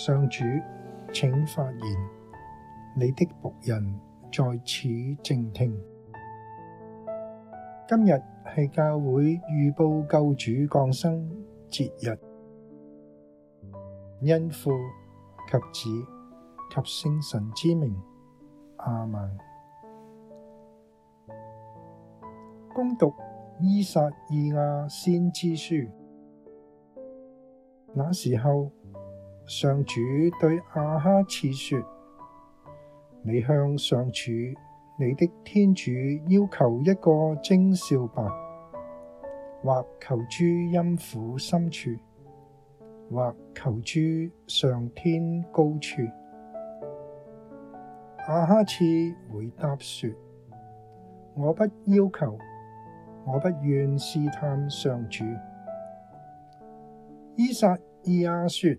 上主，請發言，你的僕人在此靜聽。今日係教會預報救主降生節日，因父及子及聖神之名，阿曼攻讀伊撒以亞先知書，那時候。上主對阿哈次說：你向上主，你的天主要求一個徵兆吧！或求諸陰府深處，或求諸上天高處。阿哈次回答說：我不要求，我不願試探上主。依撒意亞說。.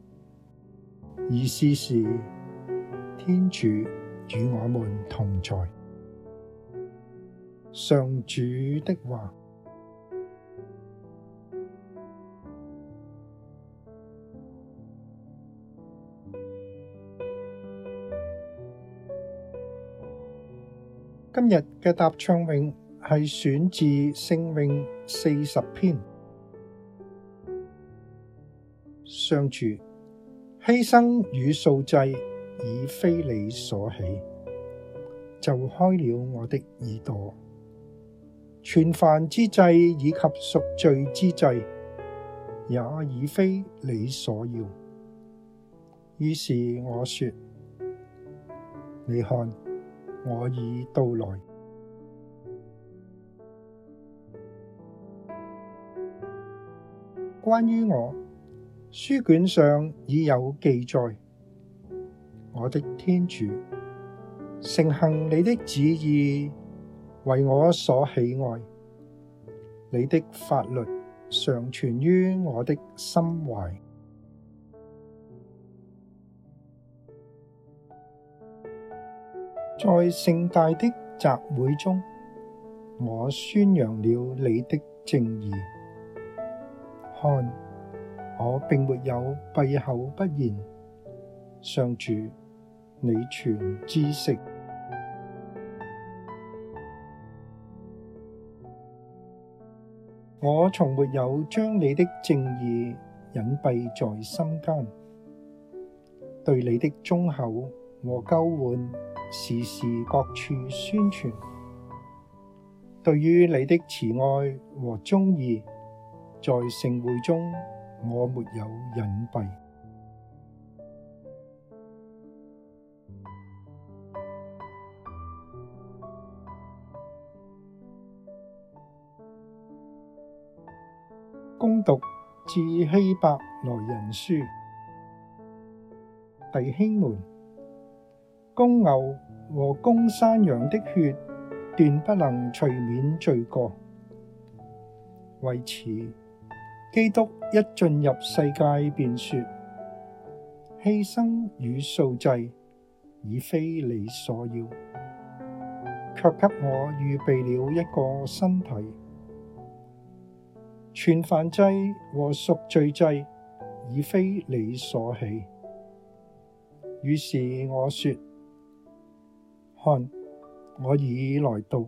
意思是天主，與我們同在。上主的話。今日嘅答唱詠係選自聖詠四十篇，上主。犧牲與素祭已非你所喜，就開了我的耳朵，全燔之祭以及贖罪之祭也已非你所要，於是我說：你看，我已到來，關於我。書卷上已有記載，我的天主，承行你的旨意為我所喜愛，你的法律常存於我的心懷，在盛大的集會中，我宣揚了你的正義，看。我並沒有閉口不言，上主，你全知悉。我從沒有將你的正義隱蔽在心間，對你的忠厚和救援，時時各處宣傳。對於你的慈愛和忠義，在盛會中。我沒有隱蔽。恭讀《致希伯來人書》，弟兄們，公牛和公山羊的血，斷不能除免罪過。為此，基督。一進入世界便說：犧牲與素祭已非你所要，卻給我預備了一個身體。全燔祭和贖罪祭已非你所喜，於是我說：看，我已來到。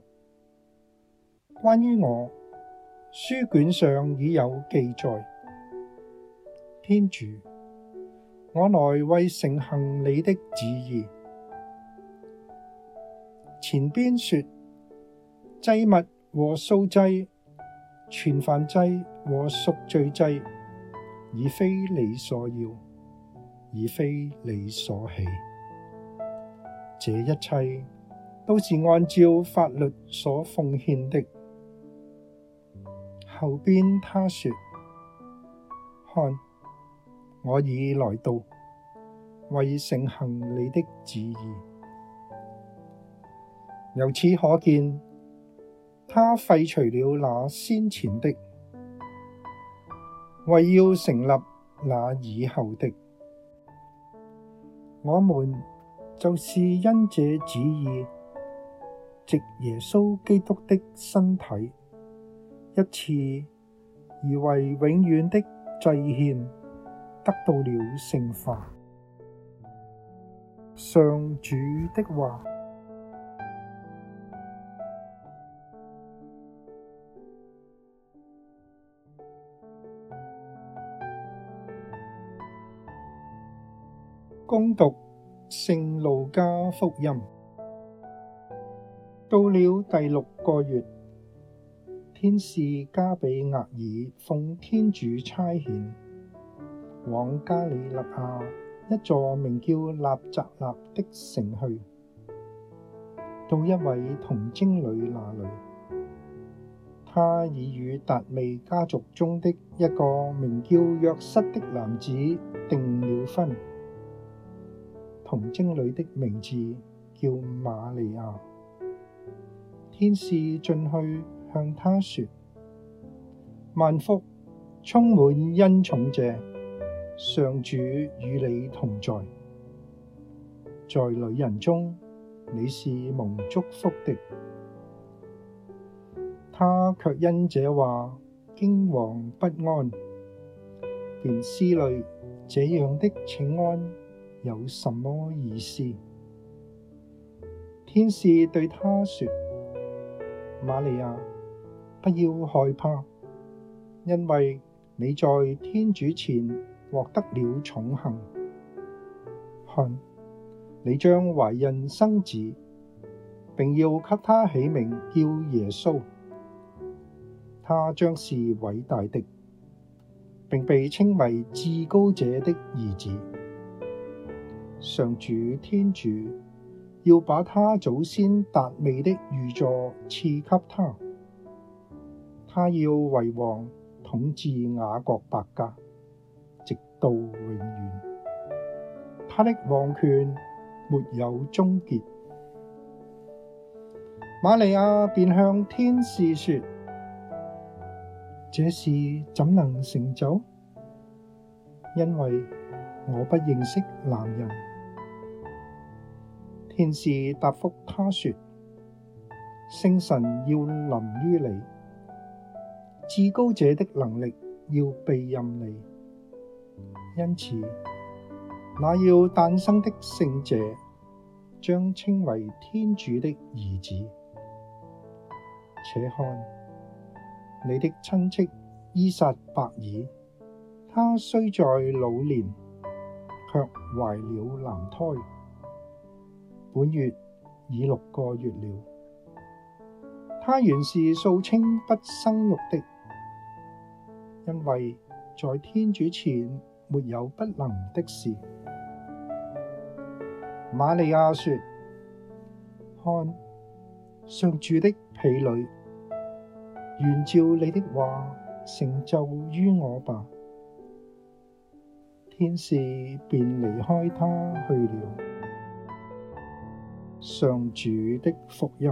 關於我，書卷上已有記載。天主，我來為承行你的旨意。前邊說，祭物和素祭，全燔祭和贖罪祭，已非你所要，已非你所喜。這一切都是按照法律所奉獻的。後邊他說：看。我已來到，為承行你的旨意。由此可見，他廢除了那先前的，為要成立那以後的。我們就是因這旨意，藉耶穌基督的身體，一次而為永遠的祭獻。得到了聖化。上主的話。恭讀《聖路加福音》，到了第六個月，天使加俾額爾奉天主差遣。往加里肋亞一座名叫納匝肋的城去，到一位童貞女那裏，她已與達味家族中的一個名叫若瑟的男子訂了婚。童貞女的名字叫瑪利亞。天使進去向她說：萬福，充滿恩寵者！上主與你同在，在女人中你是蒙祝福的。他卻因這話驚惶不安，便思慮這樣的請安有什麼意思？天使對他說：瑪利亞，不要害怕，因為你在天主前。獲得了寵幸，看，嗯，你將懷孕生子，並要給他起名叫耶穌。他將是偉大的，並被稱為至高者的兒子。上主天主要把他祖先達味的御座賜給他，他要為王統治雅各伯家。到永遠，他的王權沒有終結。瑪利亞便向天使說：這事怎能成就？因為我不認識男人。天使答覆她說：聖神要臨於你，至高者的能力要庇蔭你。因此，那要誕生的聖者，將稱為天主的兒子。且看，你的親戚依撒伯爾，她雖在老年，却懷了男胎，本月已六個月了。她原是素稱不生育的，因為在天主前。沒有不能的事。瑪利亞說：「看，上主的婢女，願照你的話成就於我吧。天使便離開他去了。上主的福音。